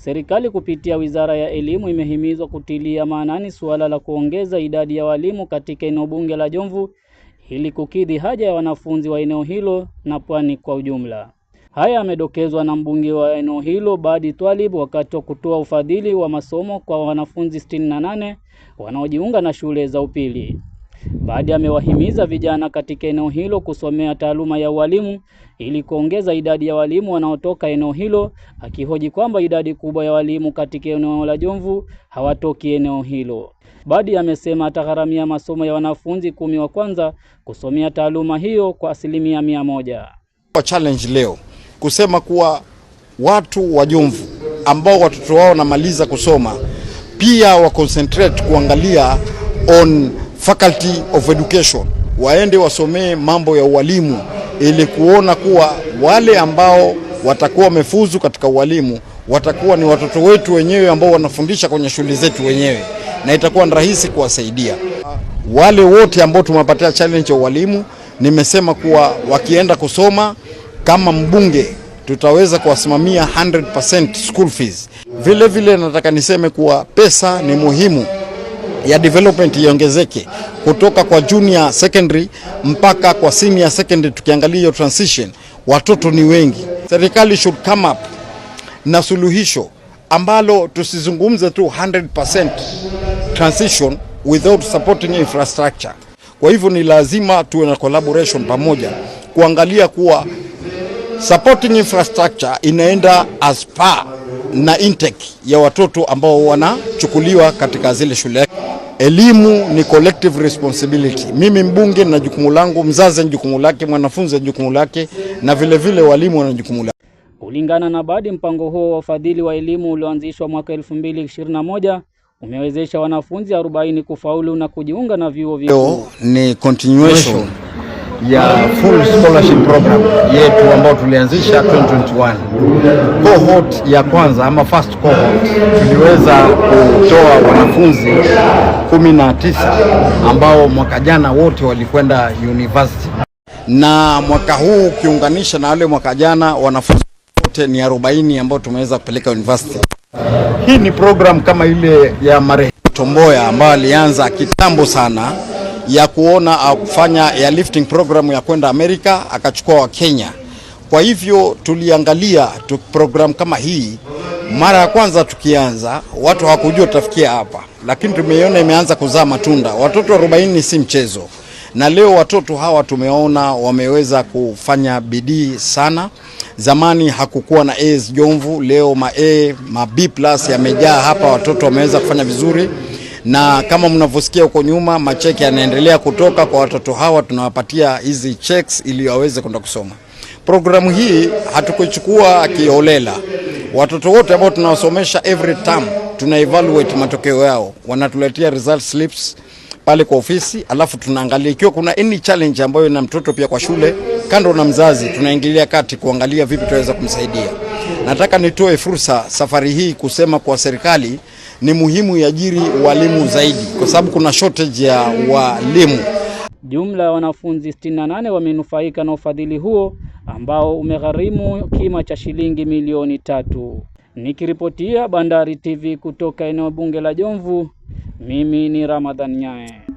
Serikali kupitia Wizara ya Elimu imehimizwa kutilia maanani suala la kuongeza idadi ya walimu katika eneo bunge la Jomvu ili kukidhi haja ya wanafunzi wa eneo hilo na pwani kwa ujumla. Haya yamedokezwa na mbunge wa eneo hilo Badi Twalib wakati wa kutoa ufadhili wa masomo kwa wanafunzi 68 wanaojiunga na shule za upili. Baada amewahimiza vijana katika eneo hilo kusomea taaluma ya ualimu ili kuongeza idadi ya walimu wanaotoka eneo hilo, akihoji kwamba idadi kubwa ya walimu katika eneo la Jomvu hawatoki eneo hilo. Badi amesema atagharamia masomo ya wanafunzi kumi wa kwanza kusomea taaluma hiyo kwa asilimia mia moja. Challenge leo kusema kuwa watu wa Jomvu ambao watoto wao wanamaliza kusoma pia wa concentrate kuangalia on Faculty of Education waende wasomee mambo ya ualimu ili kuona kuwa wale ambao watakuwa wamefuzu katika ualimu watakuwa ni watoto wetu wenyewe ambao wanafundisha kwenye shule zetu wenyewe, na itakuwa ni rahisi kuwasaidia wale wote ambao tumewapatia challenge ya ualimu. Nimesema kuwa wakienda kusoma kama mbunge tutaweza kuwasimamia 100% school fees. Vile vile nataka niseme kuwa pesa ni muhimu ya development iongezeke kutoka kwa junior secondary mpaka kwa senior secondary. Tukiangalia hiyo transition, watoto ni wengi. Serikali should come up na suluhisho ambalo tusizungumze tu 100% transition without supporting infrastructure. Kwa hivyo ni lazima tuwe na collaboration pamoja kuangalia kuwa supporting infrastructure inaenda as far na intake ya watoto ambao wanachukuliwa katika zile shule. Elimu ni collective responsibility. Mimi mbunge na jukumu langu, mzazi ana jukumu lake, mwanafunzi ana jukumu lake, na vilevile vile walimu wana jukumu lake. Kulingana na badi, mpango huo wa ufadhili wa elimu ulioanzishwa mwaka 2021 umewezesha wanafunzi 40 kufaulu na kujiunga na vyuo vikuu. Ni continuation ya full scholarship program yetu ambayo tulianzisha 2021. Cohort ya kwanza ama first cohort tuliweza kutoa wanafunzi 19 ambao mwaka jana wote walikwenda university, na mwaka huu ukiunganisha na wale mwaka jana wanafunzi wote ni 40 ambao tumeweza kupeleka university. Hii ni program kama ile ya marehemu Tomboya ambayo alianza kitambo sana ya kuona au kufanya ya lifting program ya kwenda Amerika akachukua wa Kenya. Kwa hivyo tuliangalia tu program kama hii mara ya kwanza tukianza, watu hawakujua tutafikia hapa, lakini tumeiona imeanza kuzaa matunda. Watoto 40 si mchezo, na leo watoto hawa tumeona wameweza kufanya bidii sana. Zamani hakukuwa na A's Jomvu, leo ma A ma B plus yamejaa hapa, watoto wameweza kufanya vizuri na kama mnavyosikia huko nyuma, macheki yanaendelea kutoka kwa watoto hawa, tunawapatia hizi checks ili waweze kwenda kusoma. Programu hii hatukuchukua kiolela. Watoto wote ambao tunawasomesha every term tuna evaluate matokeo yao, wanatuletea result slips pale kwa ofisi, alafu tunaangalia ikiwa kuna any challenge ambayo na mtoto pia kwa shule, kando na mzazi, tunaingilia kati kuangalia vipi tunaweza kumsaidia. Nataka nitoe fursa safari hii kusema kwa serikali ni muhimu iajiri walimu zaidi, kwa sababu kuna shortage ya walimu. Jumla ya wanafunzi 68 wamenufaika na ufadhili huo ambao umegharimu kima cha shilingi milioni tatu. Nikiripotia Bandari TV kutoka eneo bunge la Jomvu, mimi ni Ramadhan Nyae.